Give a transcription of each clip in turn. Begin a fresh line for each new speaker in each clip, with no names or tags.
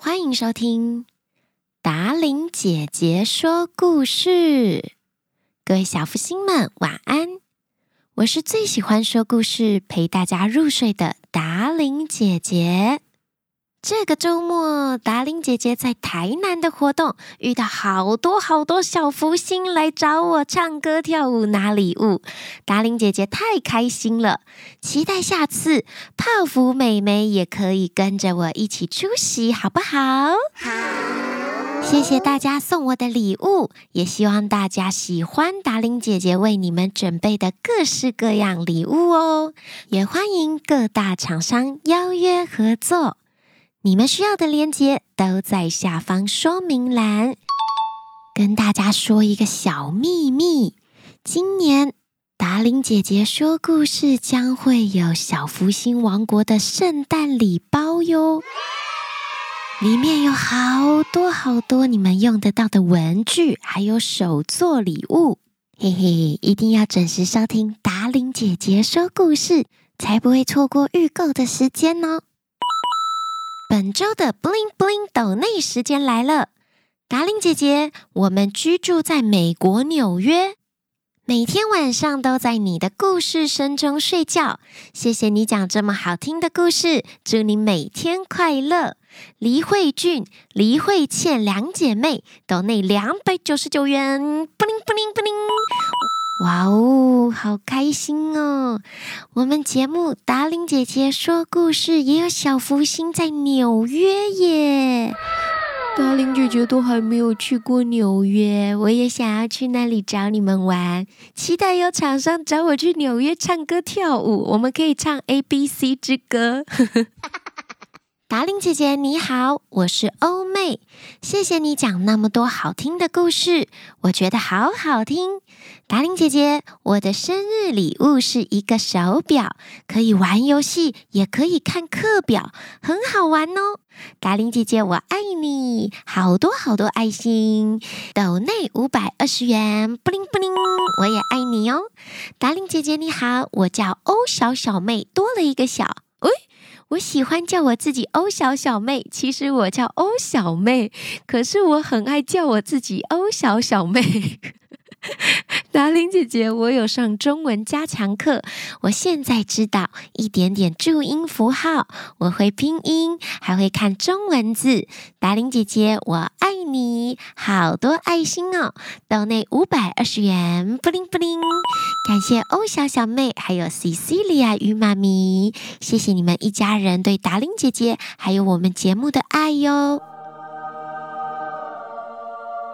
歡迎收聽達伶姐姐說故事，各位小芙星們晚安！我是最喜歡說故事、陪大家入睡的達伶姐姐。這個週末，達伶姐姐在台南的活動遇到好多好多小芙星來找我唱歌跳舞拿禮物，達伶姐姐太開心了。期待下次泡芙妹妹也可以跟着我一起出席，好不好？好，謝謝大家送我的禮物，也希望大家喜歡達伶姐姐為你們準備的各式各樣禮物哦，也歡迎各大廠商邀約合作。你們需要的鏈接都在下方說明欄。跟大家說一個小祕密，今年達伶姐姐說故事將會有小芙星王國的聖誕禮包喲，裡面有好多好多你們用得到的文具，還有手作禮物。嘿嘿，一定要準時收聽達伶姐姐說故事，才不會錯過預購的時間哦。本周的布 l 布 n 抖內時間來了，達令姐姐，我們居住在美國紐約，每天晚上都在你的故事聲中睡覺。謝謝你講這麼好聽的故事，祝你每天快樂。黎慧俊、黎慧倩兩姐妹，抖內兩百九十九元布 l 布 n 布 b 哇哦，wow，好開心哦！我們節目達伶姐姐說故事，也有小芙星在紐約耶。達伶姐姐都還沒有去過紐約，我也想要去那裡找你們玩，期待有廠商找我去紐約唱歌跳舞，我們可以唱 A B C 之歌。 達伶姐姐你好，我是歐妹，謝謝你講那麼多好聽的故事，我覺得好好聽。達伶姐姐，我的生日禮物是一個手表，可以玩遊戲，也可以看課表，很好玩哦。達伶姐姐，我愛你，好多好多愛心。抖內五百二十元，Bling Bling，我也愛你哦。達伶姐姐你好，我叫歐小小妹，多了一個小。我喜歡叫我自己歐小小妹，其實我叫歐小妹，可是我很愛叫我自己歐小小妹。 達伶 姐姐，我有上中文加強課，我現在知道一點點注音符號，我會拼音，還會看中文字。達伶姐姐，我愛你，好多愛心哦！抖內五百二十元，Bling Bling。感謝歐小小妹，還有 Cecilia 與媽咪，謝謝你們一家人對達伶姐姐還有我們節目的愛喲、哦。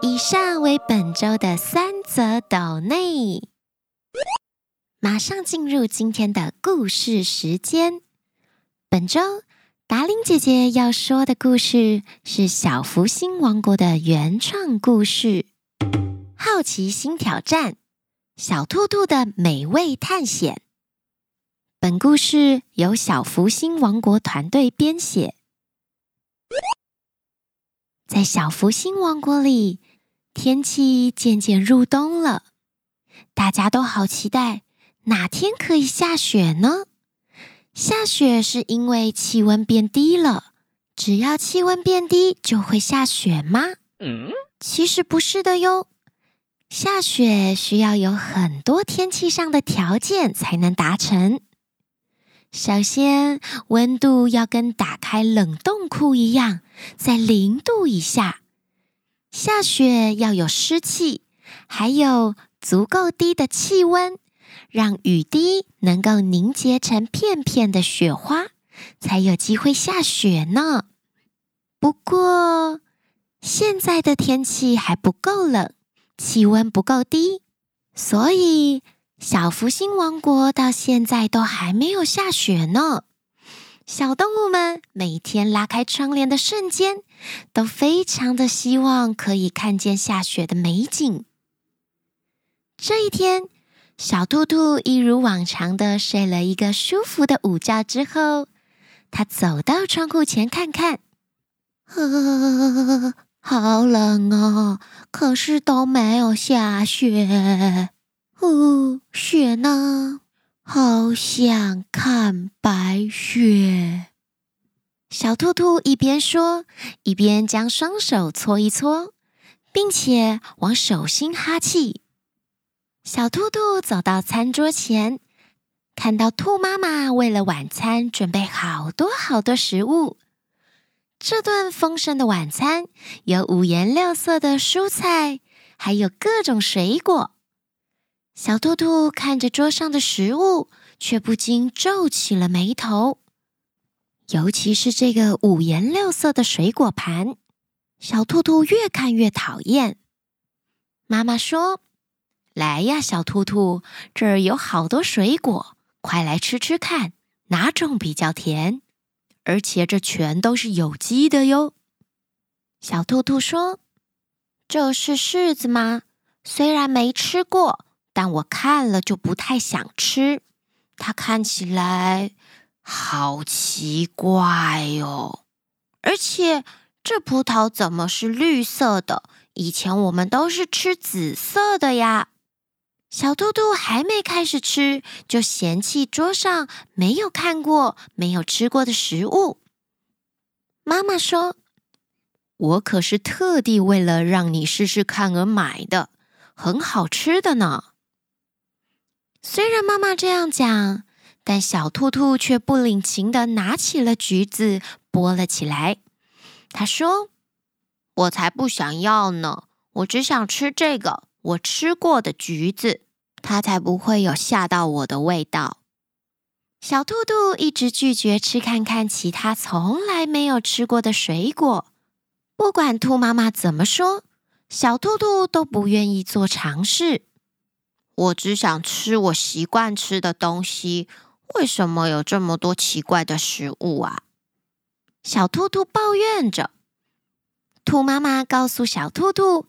以上為本周的三則抖內，馬上進入今天的故事時間。本周達伶姐姐要說的故事是小芙星王國的原創故事《好奇心挑戰：小兔兔的美味探險》。本故事由小芙星王國團隊編寫。在小芙星王國裡，天氣漸漸入冬了，大家都好期待哪天可以下雪呢。下雪是因為氣溫變低了，只要氣溫變低就會下雪嗎？嗯，其實不是的喲，下雪需要有很多天氣上的條件才能達成。首先，溫度要跟打開冷凍庫一樣，在零度以下。下雪要有濕氣，還有足夠低的氣溫，讓雨滴能夠凝結成片片的雪花，才有機會下雪呢。不過，現在的天氣還不夠冷，氣溫不夠低，所以，小芙星王國到現在都還沒有下雪呢。小動物們每天拉開窗簾的瞬間，都非常的希望可以看見下雪的美景。這一天，小兔兔一如往常的睡了一個舒服的午覺之後，它走到窗戶前看看，呵，好冷哦！可是都沒有下雪。嗚、哦，雪呢？好想看白雪。小兔兔一邊說，一邊將雙手搓一搓，並且往手心哈氣。小兔兔走到餐桌前，看到兔媽媽為了晚餐準備好多好多食物。這頓豐盛的晚餐有五顏六色的蔬菜，還有各種水果。小兔兔看着桌上的食物，卻不禁皺起了眉頭。尤其是這個五顏六色的水果盤，小兔兔越看越討厭。媽媽說：“來呀，小兔兔，這兒有好多水果，快來吃吃看，哪種比較甜？而且這全都是有機的喲。”小兔兔說：“這是柿子嗎？雖然沒吃過。”但我看了就不太想吃，它看起來好奇怪喲。而且這葡萄怎麼是綠色的？以前我們都是吃紫色的呀。小兔兔還沒開始吃，就嫌棄桌上沒有看過、沒有吃過的食物。媽媽說：“我可是特地為了讓你試試看而買的，很好吃的呢。”雖然媽媽這樣講，但小兔兔却不領情的拿起了橘子剝了起來。他說：“我才不想要呢！我只想吃這個我吃過的橘子，它才不會有嚇到我的味道。”小兔兔一直拒絕吃，看看其他從來沒有吃過的水果。不管兔媽媽怎麼說，小兔兔都不願意做嘗試。我只想吃我習慣吃的東西，為什麼有這麼多奇怪的食物啊？小兔兔抱怨着。兔媽媽告訴小兔兔，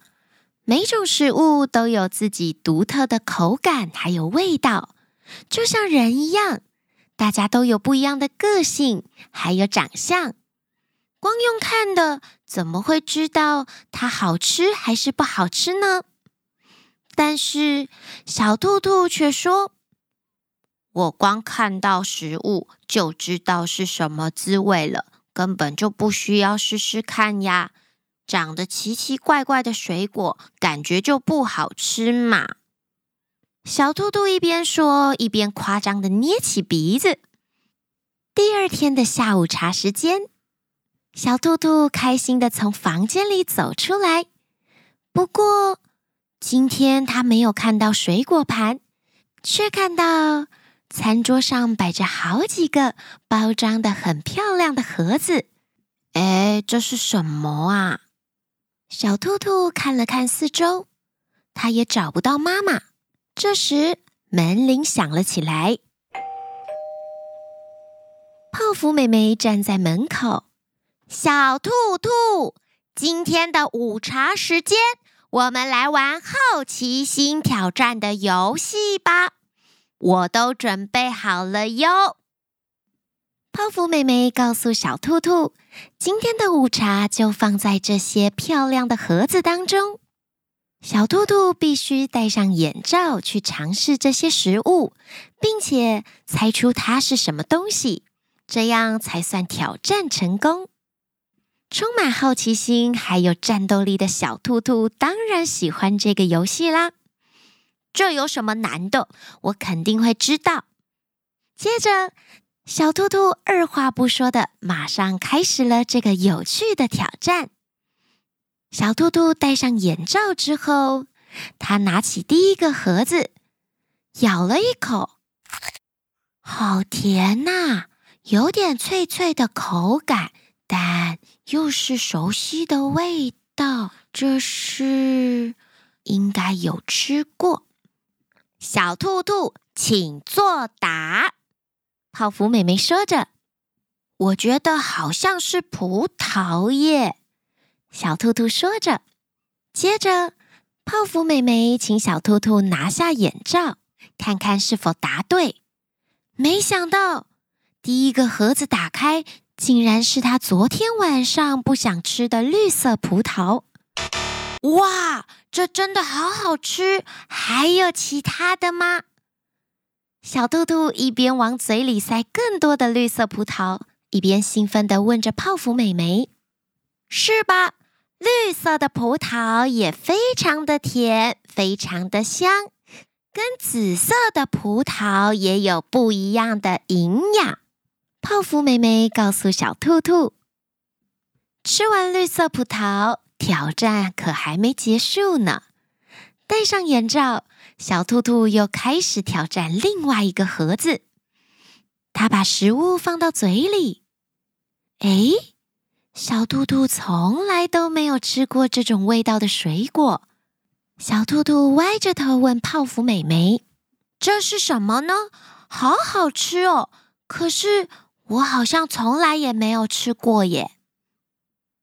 每種食物都有自己獨特的口感還有味道，就像人一樣，大家都有不一樣的個性還有長相。光用看的，怎麼會知道它好吃還是不好吃呢？但是小兔兔卻說：“我光看到食物就知道是什麼滋味了，根本就不需要試試看呀！長得奇奇怪怪的水果，感覺就不好吃嘛。”小兔兔一邊說，一邊誇張的捏起鼻子。第二天的下午茶時間，小兔兔開心的從房間裡走出來，不過。今天他沒有看到水果盤，卻看到餐桌上擺着好幾個包裝的很漂亮的盒子。哎，這是什麼啊？小兔兔看了看四周，他也找不到媽媽。這時門鈴響了起來，泡芙妹妹站在門口：“小兔兔，今天的午茶時間。”我們來玩好奇心挑戰的遊戲吧！我都準備好了喲。泡芙妹妹告訴小兔兔，今天的午茶就放在這些漂亮的盒子當中。小兔兔必須戴上眼罩去嘗試這些食物，並且猜出它是什麼東西，這樣才算挑戰成功。充滿好奇心還有戰鬥力的小兔兔當然喜歡這個遊戲啦！這有什麼難的？我肯定會知道。接着，小兔兔二話不說的，馬上開始了這個有趣的挑戰。小兔兔戴上眼罩之後，他拿起第一個盒子，咬了一口，好甜吶、啊，有點脆脆的口感。.但又是熟悉的味道，這是應該有吃過。小兔兔，請作答。泡芙妹妹說着：“我覺得好像是葡萄耶。”小兔兔說着，接着泡芙妹妹請小兔兔拿下眼罩，看看是否答對。沒想到，第一個盒子打開。竟然是他昨天晚上不想吃的綠色葡萄！哇，這真的好好吃！還有其他的嗎？小兔兔一邊往嘴裡塞更多的綠色葡萄，一邊興奮地問着泡芙美眉：“是吧？綠色的葡萄也非常的甜，非常的香，跟紫色的葡萄也有不一樣的營養。”泡芙妹妹告訴小兔兔：“吃完綠色葡萄，挑戰可還沒結束呢。”戴上眼罩，小兔兔又開始挑戰另外一個盒子。他把食物放到嘴裡，哎，小兔兔從來都沒有吃過這種味道的水果。小兔兔歪着頭問泡芙妹妹：“這是什麼呢？好好吃哦，可是……”我好像從來也沒有吃過耶。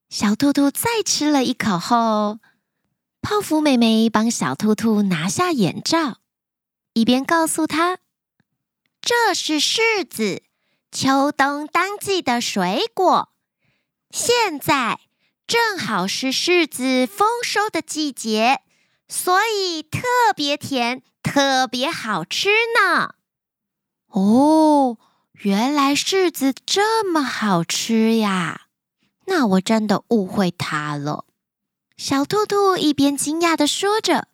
小兔兔再吃了一口後，泡芙妹妹幫小兔兔拿下眼罩，一邊告訴她：“這是柿子，秋冬當季的水果。現在正好是柿子豐收的季節，所以特別甜，特別好吃呢。”哦。原來柿子這麼好吃呀！那我真的誤會它了。小兔兔一邊驚訝地說着，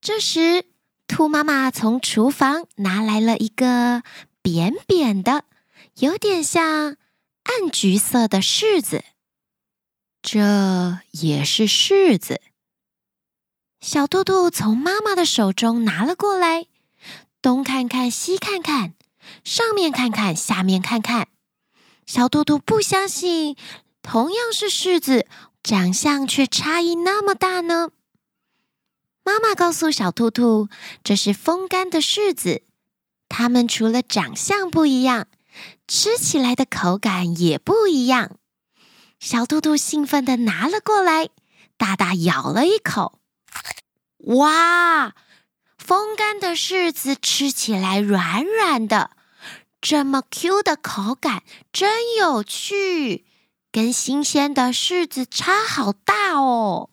這時，兔媽媽從廚房拿來了一個扁扁的、有點像暗橘色的柿子，這也是柿子。小兔兔從媽媽的手中拿了過來，東看看，西看看。上面看看，下面看看，小兔兔不相信，同樣是柿子，長相卻差異那麼大呢？媽媽告訴小兔兔，這是風乾的柿子，它們除了長相不一樣，吃起來的口感也不一樣。小兔兔興奮地拿了過來，大大咬了一口，哇，風乾的柿子吃起來軟軟的。這麼 Q 的口感真有趣，跟新鮮的柿子差好大哦！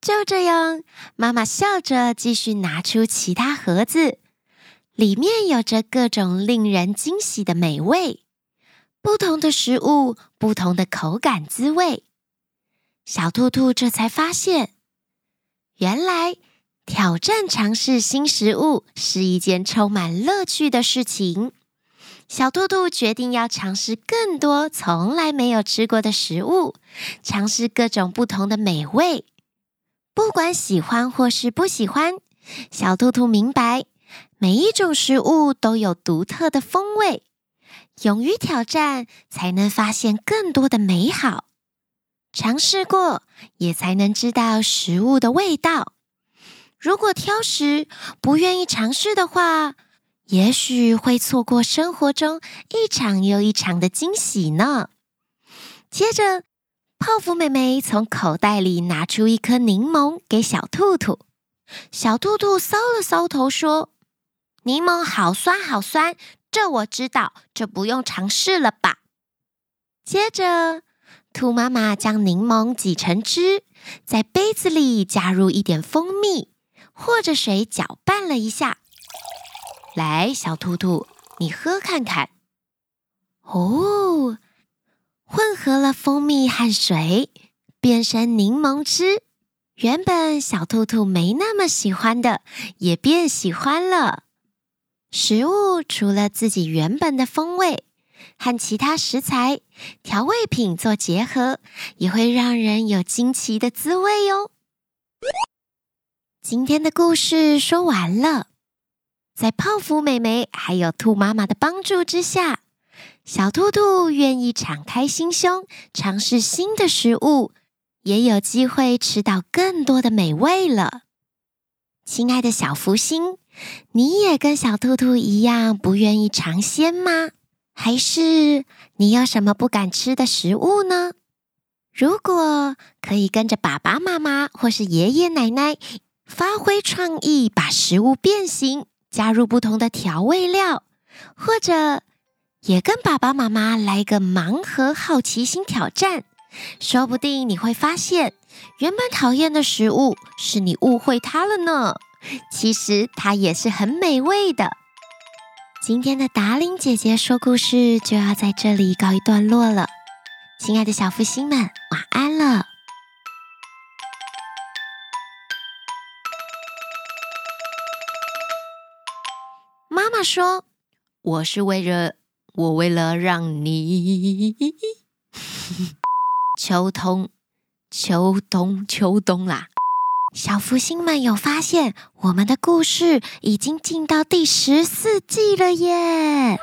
就這樣，媽媽笑着繼續拿出其他盒子，裡面有着各種令人驚喜的美味。不同的食物，不同的口感滋味。小兔兔這才發現，原來挑戰嘗試新食物是一件充滿樂趣的事情。小兔兔決定要嘗試更多從來沒有吃過的食物，嘗試各種不同的美味。不管喜歡或是不喜歡，小兔兔明白，每一種食物都有獨特的風味。勇於挑戰，才能發現更多的美好。嘗試過，也才能知道食物的味道。如果挑食，不願意嘗試的話，也許會錯過生活中一場又一場的驚喜呢。接着，泡芙妹妹從口袋裡拿出一顆檸檬，給小兔兔。小兔兔搔了搔頭，說：“檸檬好酸，好酸，這我知道，就不用嘗試了吧。”接着，兔媽媽將檸檬擠成汁，在杯子裡加入一點蜂蜜，和着水攪拌了一下。來，小兔兔，你喝看看。哦，混合了蜂蜜和水，變成檸檬汁。原本小兔兔沒那麼喜歡的，也變喜歡了。食物除了自己原本的風味，和其他食材、調味品做結合，也會讓人有驚奇的滋味喲、哦。今天的故事說完了。在泡芙美眉還有兔媽媽的幫助之下，小兔兔願意敞開心胸嘗試新的食物，也有機會吃到更多的美味了。親愛的小福星，你也跟小兔兔一樣不願意嘗鮮嗎？還是你有什麼不敢吃的食物呢？如果可以跟着爸爸媽媽或是爺爺奶奶發揮創意，把食物變形。加入不同的調味料，或者也跟爸爸媽媽來一個盲盒好奇心挑戰，說不定你會發現，原本討厭的食物是你誤會它了呢。其實它也是很美味的。今天的達伶姐姐說故事就要在這裡告一段落了，親愛的小芙星們，晚安了。他說：“我是為了我，為了讓你 秋，秋冬秋冬秋冬啦，小芙星們有發現，我們的故事已經進到第十四季了耶！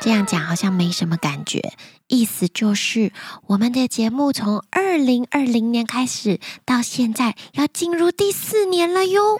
這樣講好像沒什麼感覺，意思就是我們的節目從二零二零年開始到現在，要進入第四年了喲。”